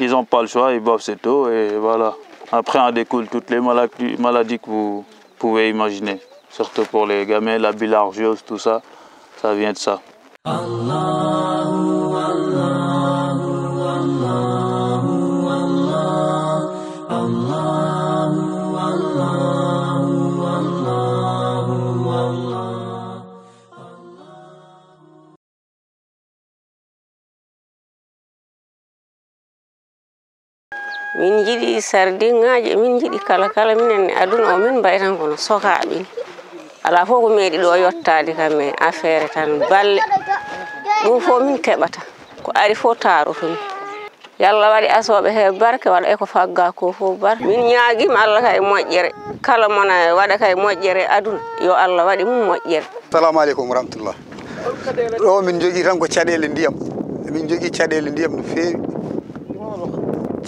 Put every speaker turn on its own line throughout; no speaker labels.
ils n'ont pas le choix, ils boivent cette eau et voilà. Après, on découle toutes les maladies, que vous pouvez imaginer, surtout pour les gamins, la bilargiose, tout ça, ça vient de ça.
min jiɗi sardinŋaji min jiɗi kala kala minenne aduna o min mbayitan kono sokaɓin ala fof ko meeɗi ɗo yottade kam e affaire tan balle ɗum fo min keɓata ko ari fo tarotomi yallah waɗi asoɓe he barke waɗa eko fagga ko fo bar min ñaguima allah kay moƴƴere kala mona waɗa kay moƴƴere aduna yo allah waɗi mum moƴƴere salamu aleykum wa rahmatullah
ɗo min jogui tan ko caɗele ndiyam min jogui caɗele ndiyam no fewi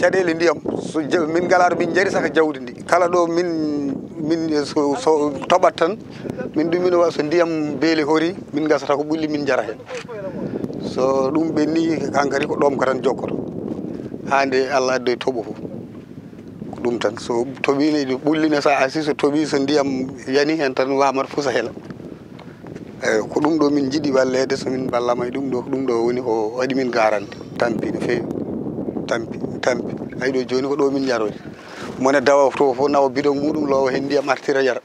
caɗele ndiyam so min galar min jari saka jawdi ndi kala do min min so toɓat tan min ɗumino wa so ndiyam beeli hori min gasata ko bulli min jara hen so ɗum ni kankari ko dom karan tan hande allah do tobo fu dum tan so toɓino bulli ɓullino sa asi so tobi so ndiyam yani hen tan wamat fusa hela eh ko dum do min jiiɗi wallede somin ballama e ɗum dum do ɗum ɗo woni ko min garan tampi no tampi tampi ay do joni ko ɗo min jarori mone dawa to fof nawa bido muɗum lowo hen ndiyam artira yara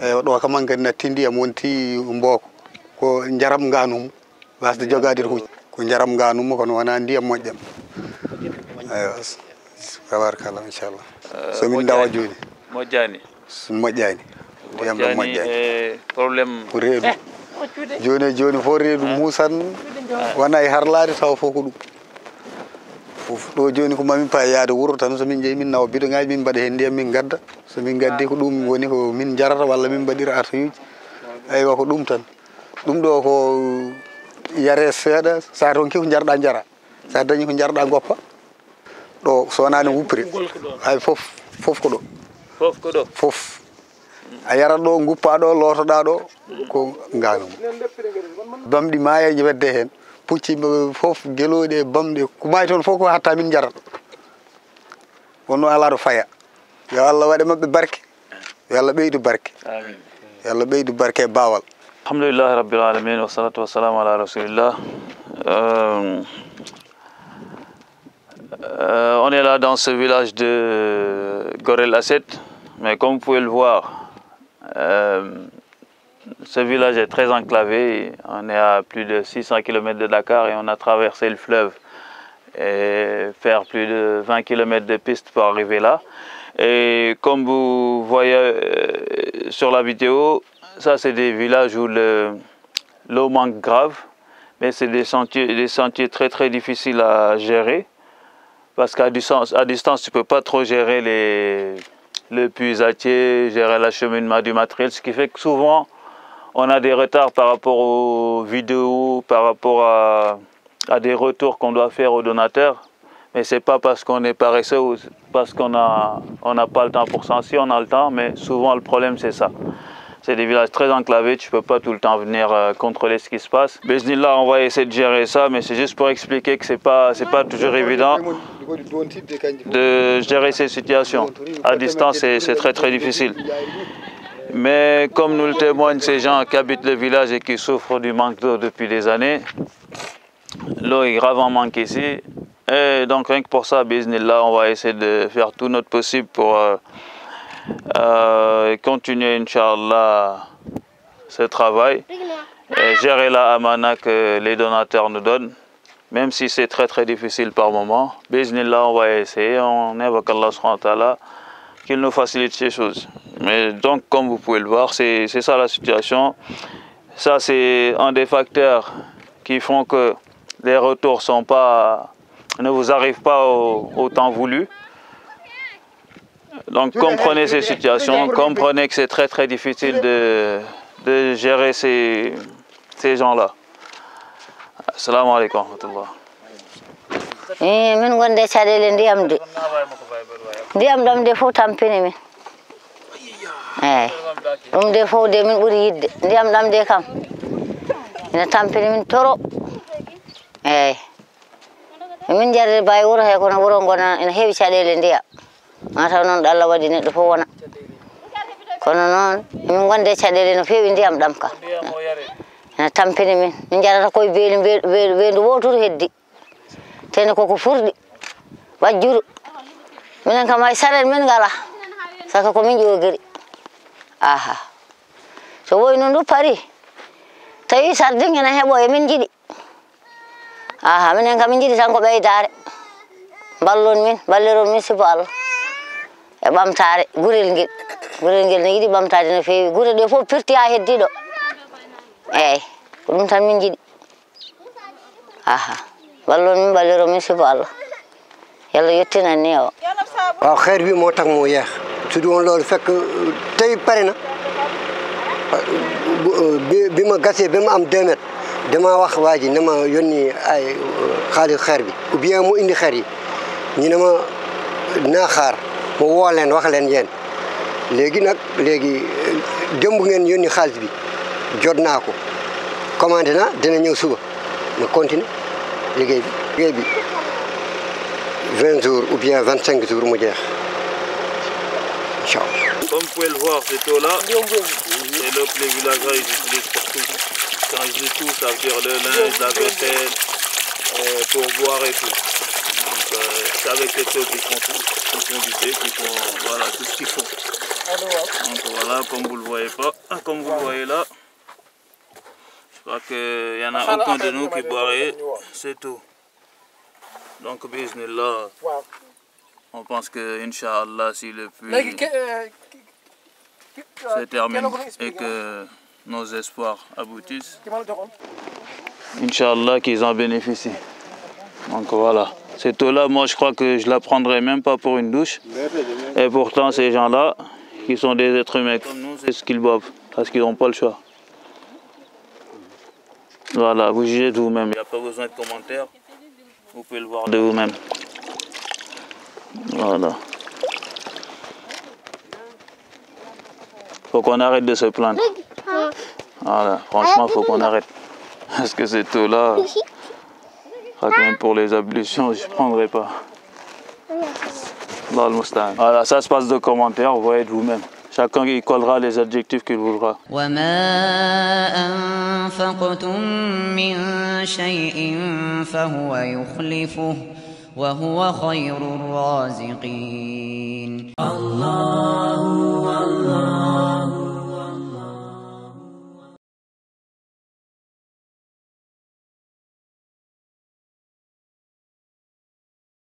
eyyi ɗo kam an kadi natti ndiyam wonti mbok ko njaram nganumo wasde jogade ko ko jaram ko kono wona ndiyam moƴƴam eyi
kawar kala inchallah somin dawa joni moƴƴani
moƴƴani ndiyam ɗam
e problem
ko reedu eh, joni joni fof reedu eh. muusan wona e harlaade taw fo ko ɗum fuf do joni ko mami payade wuro tan min jey min bido bidoŋaji min bade hendi min gadda min gaddi ko dum woni ko min jarata wala min mbaɗira ay wa ko dum tan dum do ko yare seeɗa sa ki ko jarda jara sa dañi ko jarda goppa do so wonani wupri ay fof fof ko do fof ko do fof a yara do guppa do lotoda do ko ngano bamɗi hen pucciɓe fof gueloɗe bamɗe ko ɓayi toon fof ko hatta
on est là dans ce village de Gorel Asset mais comme vous pouvez le voir euh, Ce village est très enclavé. On est à plus de 600 km de Dakar et on a traversé le fleuve et faire plus de 20 km de piste pour arriver là. Et comme vous voyez euh, sur la vidéo, ça c'est des villages où l'eau manque grave, mais c'est des sentiers, des sentiers très très difficiles à gérer, parce qu'à distance, tu ne peux pas trop gérer les, le puisatier, gérer l'acheminement du matériel, ce qui fait que souvent on a des retards par rapport aux vidéos, par rapport à, des retours qu'on doit faire aux donateurs. Mais ce n'est pas parce qu'on est paresseux ou parce qu'on n'a on a pas le temps pour ça. Si on a le temps, mais souvent le problème c'est ça. C'est des villages très enclavés, tu ne peux pas tout le temps venir euh, contrôler ce qui se passe. là, on va essayer de gérer ça, mais c'est juste pour expliquer que ce n'est pas toujours évident de gérer ces situations. À distance, c'est très très difficile. Mais comme nous le témoignent ces gens qui habitent le village et qui souffrent du manque d'eau depuis des années, l'eau est gravement manquée ici. Et donc rien que pour ça, là, on va essayer de faire tout notre possible pour euh, euh, continuer, Inch'Allah, ce travail. gérer la amana que les donateurs nous donnent, même si c'est très très difficile par moment. là, on va essayer, on invoque Allah qu'il nous facilite ces choses. Mais donc, comme vous pouvez le voir, c'est ça la situation. Ça, c'est un des facteurs qui font que les retours sont pas, ne vous arrivent pas au, temps voulu. Donc comprenez ces situations, comprenez que c'est très très difficile de, gérer ces, gens-là. Assalamu alaikum wa
Eh, min gonde caɗele ndiyam de ndiyam ɗam de fof tampini min eyi ɗum de fof de min ɓuuri yidde ndiyam ɗam de kam ina tampini min toro eyi emin jarde bawi wuuro he kono wuuro gona ina heewi caɗele ndiya mataw noon ɗo allah waɗi neɗɗo fof wona kono noon emin gonde caɗele no fewi ndiyam ɗam kam ina tampini min min jarata koye beeli weendu wotoru heddi tene koko furdi wajuru minen kam hay saɗen min ngala saka komin giri aha so woi ndu pari tawi sardin ena heɓo emin jiɗi aha minen kam min sangko bayi ko balon min balon min sibo allah e ɓamtare gurel ngel gurel ngel ne bam ɓamtade no fewi gure de fof pirti ha heddiɗo do eh ɗum tan min jiɗi aha wallomin baliro min sibo allah yàlla yottinan ni o waaw ah, xeer bi moo tax mu yeex su du woon loolu fekk
tey pare na bi ma gasee ba ma am deux dama wax waa ji ne ma yónni ay xaalis xeer bi ou bien mu indi xeer yi ñu ne ma naa xaar ma woo leen wax leen yeen léegi nag léegi démb ngeen yónni xaalis bi jot naa ko commandé na dina ñëw suba ma continuer les bi 20 jours ou bien 25 jours mu jeex
comme vous pouvez le voir c'est tout là c'est là les villageois utilisent pour tout quand je dis tout ça veut dire le linge la vaisselle euh, pour boire et tout donc euh, c'est avec cette eau qu'ils font tout qu'ils font du thé qu'ils font voilà tout ce qu'ils font hein. donc voilà comme vous le voyez pas ah, comme vous le voyez là je crois qu'il n'y en a aucun de nous qui boirait, c'est tout. Donc, bismillah, on pense que, Inch'Allah, si le puits
euh,
euh, se termine et que nos espoirs aboutissent, Inch'Allah, qu'ils en bénéficient. Donc voilà. Cette eau-là, moi, je crois que je la prendrai même pas pour une douche. Et pourtant, ces gens-là, qui sont des êtres humains comme nous, c'est ce qu'ils boivent, parce qu'ils n'ont pas le choix. Voilà, vous jugez de vous-même, il n'y a pas besoin de commentaires. Vous pouvez le voir de vous-même. Voilà. Faut qu'on arrête de se plaindre. Voilà, franchement, faut qu'on arrête. Parce que c'est tout là ah, même pour les ablutions, je ne prendrai pas. Voilà, ça se passe de commentaires, vous voyez de vous-même. chacun y collera les adjectifs qu'il voudra. وما أنفقتم من شيء فهو يخلفه وهو خير الرازقين الله الله